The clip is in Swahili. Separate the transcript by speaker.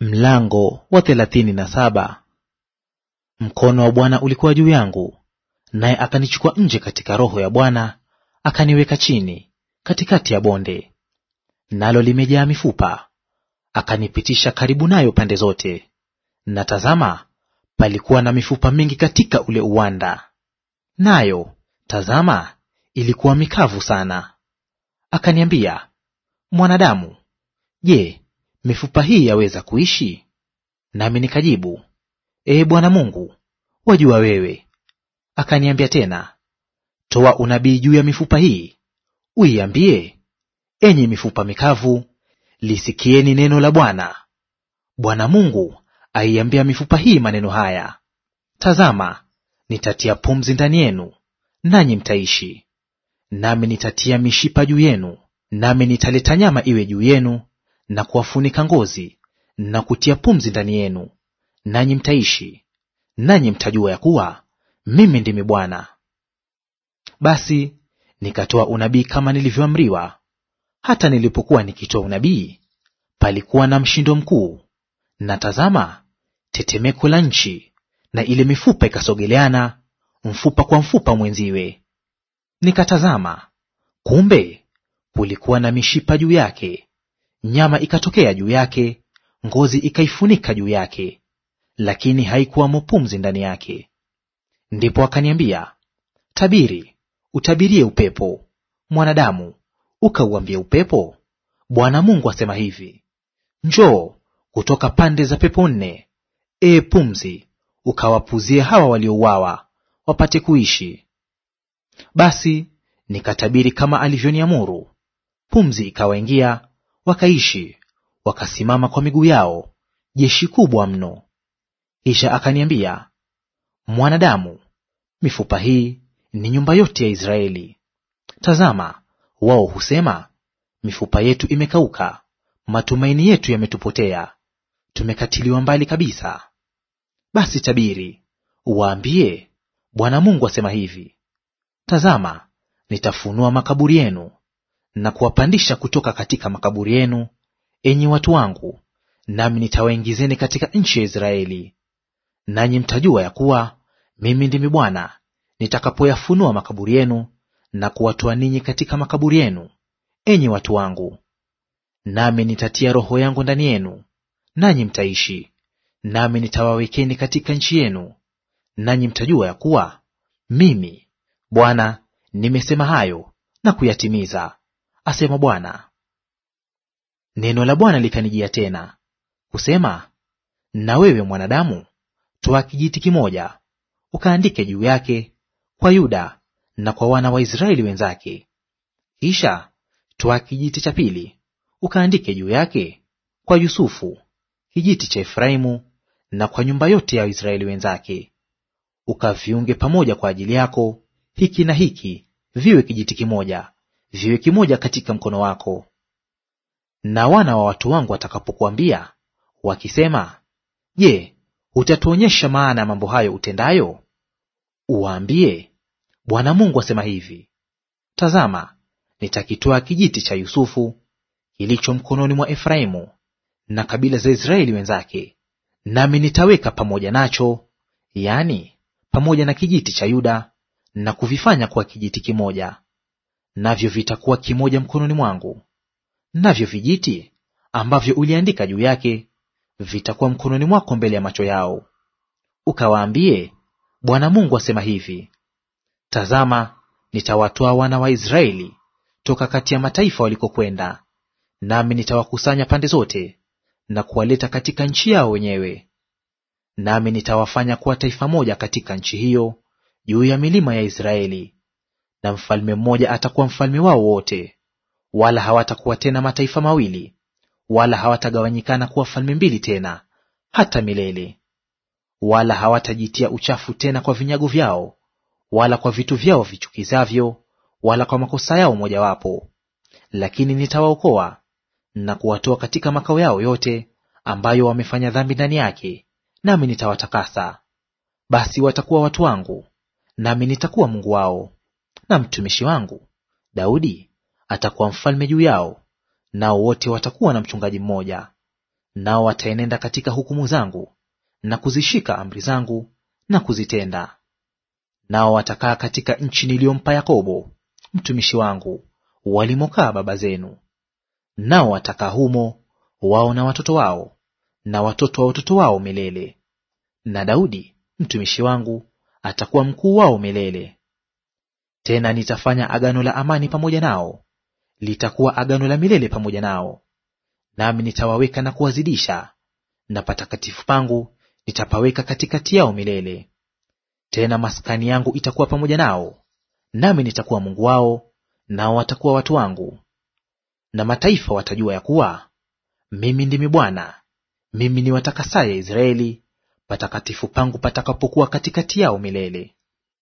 Speaker 1: Mlango wa thelathini na saba. Mkono wa Bwana ulikuwa juu yangu, naye akanichukua nje katika roho ya Bwana, akaniweka chini katikati ya bonde, nalo limejaa mifupa. Akanipitisha karibu nayo pande zote, na tazama, palikuwa na mifupa mingi katika ule uwanda, nayo tazama, ilikuwa mikavu sana. Akaniambia, mwanadamu, je, mifupa hii yaweza kuishi? Nami nikajibu, Ee Bwana Mungu, wajua wewe. Akaniambia tena, toa unabii juu ya mifupa hii, uiambie, enyi mifupa mikavu, lisikieni neno la Bwana. Bwana Mungu aiambia mifupa hii maneno haya, tazama, nitatia pumzi ndani yenu, nanyi mtaishi; nami nitatia mishipa juu yenu, nami nitaleta nyama iwe juu yenu na kuwafunika ngozi na kutia pumzi ndani yenu, nanyi mtaishi, nanyi mtajua ya kuwa mimi ndimi Bwana. Basi nikatoa unabii kama nilivyoamriwa. Hata nilipokuwa nikitoa unabii, palikuwa na mshindo mkuu, na tazama, tetemeko la nchi, na ile mifupa ikasogeleana mfupa kwa mfupa mwenziwe. Nikatazama, kumbe kulikuwa na mishipa juu yake nyama ikatokea juu yake, ngozi ikaifunika juu yake, lakini haikuwamo pumzi ndani yake. Ndipo akaniambia, tabiri, utabirie upepo, mwanadamu, ukauambie upepo, Bwana Mungu asema hivi, njoo kutoka pande za pepo nne, e pumzi, ukawapuzie hawa waliouawa wapate kuishi. Basi nikatabiri kama alivyoniamuru, pumzi ikawaingia wakaishi wakasimama kwa miguu yao, jeshi kubwa mno. Kisha akaniambia, mwanadamu, mifupa hii ni nyumba yote ya Israeli. Tazama, wao husema, mifupa yetu imekauka, matumaini yetu yametupotea, tumekatiliwa mbali kabisa. Basi tabiri, waambie, Bwana Mungu asema hivi, tazama, nitafunua makaburi yenu na kuwapandisha kutoka katika makaburi yenu, enyi watu wangu, nami nitawaingizeni katika nchi ya Israeli. Nanyi mtajua ya kuwa mimi ndimi Bwana nitakapoyafunua makaburi yenu na kuwatoa ninyi katika makaburi yenu, enyi watu wangu. Nami nitatia roho yangu ndani yenu, nanyi mtaishi; nami nitawawekeni katika nchi yenu, nanyi mtajua ya kuwa mimi Bwana nimesema hayo na kuyatimiza asema Bwana. Neno la Bwana likanijia tena kusema, na wewe mwanadamu, toa kijiti kimoja ukaandike juu yake kwa Yuda na kwa wana wa Israeli wenzake. Kisha toa kijiti cha pili ukaandike juu yake kwa Yusufu, kijiti cha Efraimu na kwa nyumba yote ya Israeli wenzake, ukaviunge pamoja kwa ajili yako hiki na hiki, viwe kijiti kimoja viwe kimoja katika mkono wako. Na wana wa watu wangu watakapokuambia wakisema, Je, utatuonyesha maana ya mambo hayo utendayo? Uwaambie, Bwana Mungu asema hivi, tazama, nitakitoa kijiti cha Yusufu kilicho mkononi mwa Efraimu na kabila za Israeli wenzake, nami nitaweka pamoja nacho, yaani pamoja na kijiti cha Yuda, na kuvifanya kuwa kijiti kimoja navyo vitakuwa kimoja mkononi mwangu; navyo vijiti ambavyo uliandika juu yake vitakuwa mkononi mwako mbele ya macho yao. Ukawaambie, Bwana Mungu asema hivi: Tazama, nitawatoa wana wa Israeli toka kati ya mataifa walikokwenda, nami nitawakusanya pande zote na kuwaleta katika nchi yao wenyewe. Nami nitawafanya kuwa taifa moja katika nchi hiyo juu ya milima ya Israeli, na mfalme mmoja atakuwa mfalme wao wote, wala hawatakuwa tena mataifa mawili, wala hawatagawanyikana kuwa falme mbili tena hata milele. Wala hawatajitia uchafu tena kwa vinyago vyao, wala kwa vitu vyao vichukizavyo, wala kwa makosa yao mojawapo; lakini nitawaokoa na kuwatoa katika makao yao yote ambayo wamefanya dhambi ndani yake, nami nitawatakasa. Basi watakuwa watu wangu, nami nitakuwa Mungu wao na mtumishi wangu Daudi atakuwa mfalme juu yao, nao wote watakuwa na mchungaji mmoja. Nao wataenenda katika hukumu zangu na kuzishika amri zangu na kuzitenda. Nao watakaa katika nchi niliyompa Yakobo mtumishi wangu, walimokaa baba zenu. Nao watakaa humo, wao na watoto wao na watoto wa watoto wao milele. Na Daudi mtumishi wangu atakuwa mkuu wao milele. Tena nitafanya agano la amani pamoja nao, litakuwa agano la milele pamoja nao, nami nitawaweka na kuwazidisha, na patakatifu pangu nitapaweka katikati yao milele. Tena maskani yangu itakuwa pamoja nao, nami nitakuwa Mungu wao, nao watakuwa watu wangu. Na mataifa watajua ya kuwa mimi ndimi Bwana, mimi watakasaye Israeli, patakatifu pangu patakapokuwa katikati yao milele.